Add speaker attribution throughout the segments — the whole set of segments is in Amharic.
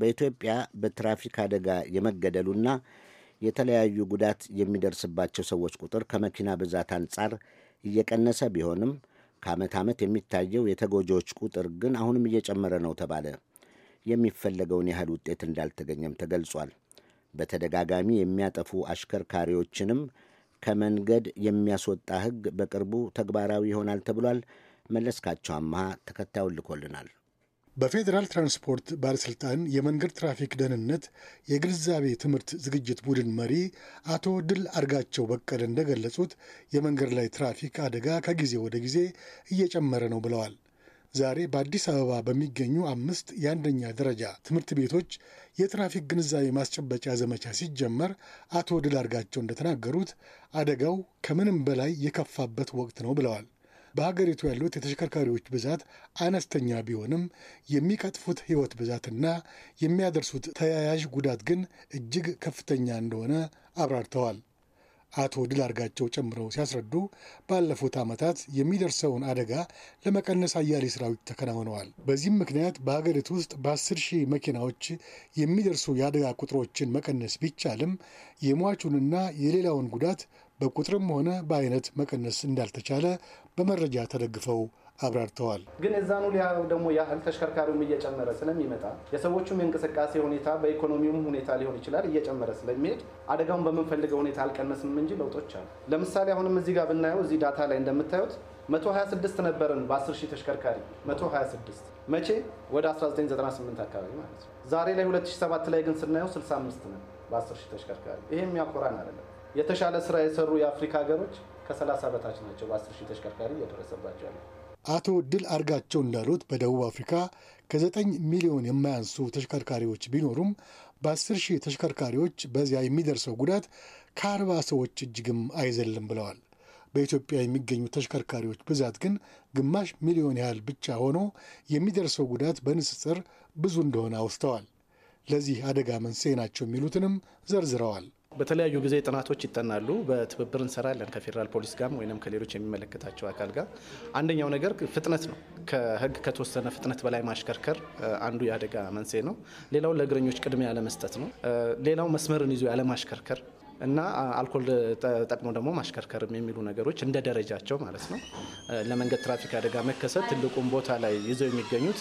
Speaker 1: በኢትዮጵያ በትራፊክ አደጋ የመገደሉና የተለያዩ ጉዳት የሚደርስባቸው ሰዎች ቁጥር ከመኪና ብዛት አንጻር እየቀነሰ ቢሆንም ከዓመት ዓመት የሚታየው የተጎጂዎች ቁጥር ግን አሁንም እየጨመረ ነው ተባለ። የሚፈለገውን ያህል ውጤት እንዳልተገኘም ተገልጿል። በተደጋጋሚ የሚያጠፉ አሽከርካሪዎችንም ከመንገድ የሚያስወጣ ሕግ በቅርቡ ተግባራዊ ይሆናል ተብሏል። መለስካቸው አመሃ ተከታዩን ልኮልናል።
Speaker 2: በፌዴራል ትራንስፖርት ባለሥልጣን የመንገድ ትራፊክ ደህንነት የግንዛቤ ትምህርት ዝግጅት ቡድን መሪ አቶ ድል አድጋቸው በቀለ እንደገለጹት የመንገድ ላይ ትራፊክ አደጋ ከጊዜ ወደ ጊዜ እየጨመረ ነው ብለዋል። ዛሬ በአዲስ አበባ በሚገኙ አምስት የአንደኛ ደረጃ ትምህርት ቤቶች የትራፊክ ግንዛቤ ማስጨበጫ ዘመቻ ሲጀመር አቶ ድል አድጋቸው እንደተናገሩት አደጋው ከምንም በላይ የከፋበት ወቅት ነው ብለዋል። በሀገሪቱ ያሉት የተሽከርካሪዎች ብዛት አነስተኛ ቢሆንም የሚቀጥፉት ሕይወት ብዛትና የሚያደርሱት ተያያዥ ጉዳት ግን እጅግ ከፍተኛ እንደሆነ አብራርተዋል። አቶ ድል አርጋቸው ጨምረው ሲያስረዱ ባለፉት ዓመታት የሚደርሰውን አደጋ ለመቀነስ አያሌ ስራዎች ተከናውነዋል። በዚህም ምክንያት በሀገሪቱ ውስጥ በአስር ሺህ መኪናዎች የሚደርሱ የአደጋ ቁጥሮችን መቀነስ ቢቻልም የሟቹንና የሌላውን ጉዳት በቁጥርም ሆነ በአይነት መቀነስ እንዳልተቻለ በመረጃ ተደግፈው አብራርተዋል።
Speaker 1: ግን እዛኑ ደግሞ ያህል ተሽከርካሪውም እየጨመረ ስለሚመጣ የሰዎቹም የእንቅስቃሴ ሁኔታ በኢኮኖሚውም ሁኔታ ሊሆን ይችላል እየጨመረ ስለሚሄድ አደጋውን በምንፈልገው ሁኔታ አልቀነስም እንጂ ለውጦች አሉ። ለምሳሌ አሁንም እዚህ ጋር ብናየው እዚህ ዳታ ላይ እንደምታዩት 126 ነበርን በ10 ሺህ ተሽከርካሪ 126 መቼ ወደ 1998 አካባቢ ማለት ነው። ዛሬ ላይ 2007 ላይ ግን ስናየው 65 ነ በ10 ሺህ ተሽከርካሪ። ይሄ የሚያኮራን አይደለም። የተሻለ ስራ የሰሩ የአፍሪካ ሀገሮች ከ በታች ናቸው በ ሺህ ተሽከርካሪ እየደረሰባቸው ያለ።
Speaker 2: አቶ ድል አርጋቸው እንዳሉት በደቡብ አፍሪካ ከ9 ሚሊዮን የማያንሱ ተሽከርካሪዎች ቢኖሩም በ10 ሺህ ተሽከርካሪዎች በዚያ የሚደርሰው ጉዳት ከአርባ ሰዎች እጅግም አይዘልም ብለዋል። በኢትዮጵያ የሚገኙ ተሽከርካሪዎች ብዛት ግን ግማሽ ሚሊዮን ያህል ብቻ ሆኖ የሚደርሰው ጉዳት በንጽጽር ብዙ እንደሆነ አውስተዋል። ለዚህ አደጋ መንስኤ ናቸው የሚሉትንም ዘርዝረዋል።
Speaker 1: በተለያዩ ጊዜ ጥናቶች ይጠናሉ። በትብብር እንሰራለን ከፌዴራል ፖሊስ ጋር ወይም ከሌሎች የሚመለከታቸው አካል ጋር። አንደኛው ነገር ፍጥነት ነው። ከህግ ከተወሰነ ፍጥነት በላይ ማሽከርከር አንዱ የአደጋ መንስኤ ነው። ሌላው ለእግረኞች ቅድሚያ ያለመስጠት ነው። ሌላው መስመርን ይዞ ያለማሽከርከር እና አልኮል ጠቅሞ ደግሞ ማሽከርከርም የሚሉ ነገሮች እንደ ደረጃቸው ማለት ነው ለመንገድ ትራፊክ አደጋ መከሰት ትልቁን ቦታ ላይ ይዘው የሚገኙት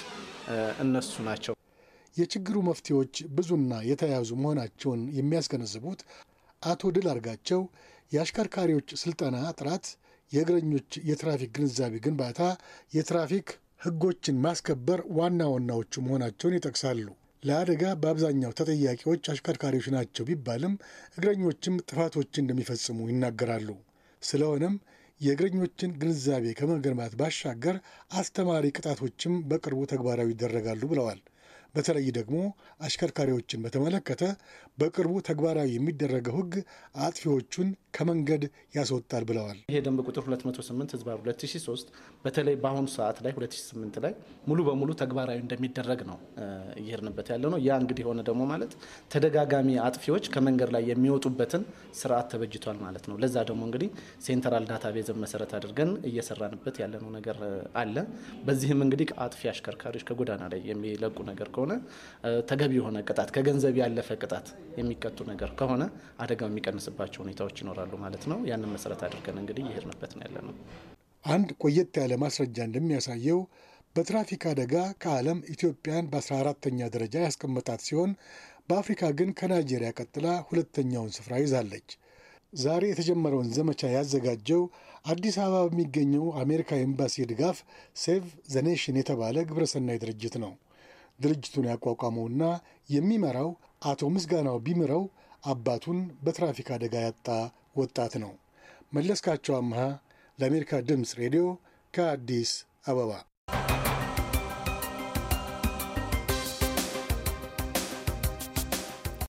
Speaker 1: እነሱ ናቸው። የችግሩ
Speaker 2: መፍትሄዎች ብዙና የተያያዙ መሆናቸውን የሚያስገነዝቡት አቶ ድል አርጋቸው የአሽከርካሪዎች ስልጠና ጥራት፣ የእግረኞች የትራፊክ ግንዛቤ ግንባታ፣ የትራፊክ ህጎችን ማስከበር ዋና ዋናዎቹ መሆናቸውን ይጠቅሳሉ። ለአደጋ በአብዛኛው ተጠያቂዎች አሽከርካሪዎች ናቸው ቢባልም እግረኞችም ጥፋቶችን እንደሚፈጽሙ ይናገራሉ። ስለሆነም የእግረኞችን ግንዛቤ ከመገንባት ባሻገር አስተማሪ ቅጣቶችም በቅርቡ ተግባራዊ ይደረጋሉ ብለዋል። በተለይ ደግሞ አሽከርካሪዎችን በተመለከተ በቅርቡ ተግባራዊ የሚደረገው ሕግ አጥፊዎቹን ከመንገድ ያስወጣል ብለዋል።
Speaker 1: ይሄ ደንብ ቁጥር 208 ህዝባ 2003 በተለይ በአሁኑ ሰዓት ላይ 2008 ላይ ሙሉ በሙሉ ተግባራዊ እንደሚደረግ ነው እየሄድንበት ያለ ነው። ያ እንግዲህ የሆነ ደግሞ ማለት ተደጋጋሚ አጥፊዎች ከመንገድ ላይ የሚወጡበትን ስርዓት ተበጅቷል ማለት ነው። ለዛ ደግሞ እንግዲህ ሴንትራል ዳታ ቤዝን መሰረት አድርገን እየሰራንበት ያለነው ነገር አለ። በዚህም እንግዲህ አጥፊ አሽከርካሪዎች ከጎዳና ላይ የሚለቁ ነገር ከሆነ ተገቢ የሆነ ቅጣት ከገንዘብ ያለፈ ቅጣት የሚቀጡ ነገር ከሆነ አደጋው የሚቀንስባቸው ሁኔታዎች ይኖራሉ ማለት ነው። ያንን መሰረት አድርገን እንግዲህ እየሄድንበት ነው ያለ ነው።
Speaker 2: አንድ ቆየት ያለ ማስረጃ እንደሚያሳየው በትራፊክ አደጋ ከዓለም ኢትዮጵያን በ14ተኛ ደረጃ ያስቀመጣት ሲሆን በአፍሪካ ግን ከናይጄሪያ ቀጥላ ሁለተኛውን ስፍራ ይዛለች። ዛሬ የተጀመረውን ዘመቻ ያዘጋጀው አዲስ አበባ በሚገኘው አሜሪካ ኤምባሲ ድጋፍ ሴቭ ዘኔሽን ኔሽን የተባለ ግብረሰናይ ድርጅት ነው። ድርጅቱን ያቋቋመውና የሚመራው አቶ ምስጋናው ቢምረው አባቱን በትራፊክ አደጋ ያጣ ወጣት ነው። መለስካቸው አምሃ ለአሜሪካ ድምፅ ሬዲዮ ከአዲስ አበባ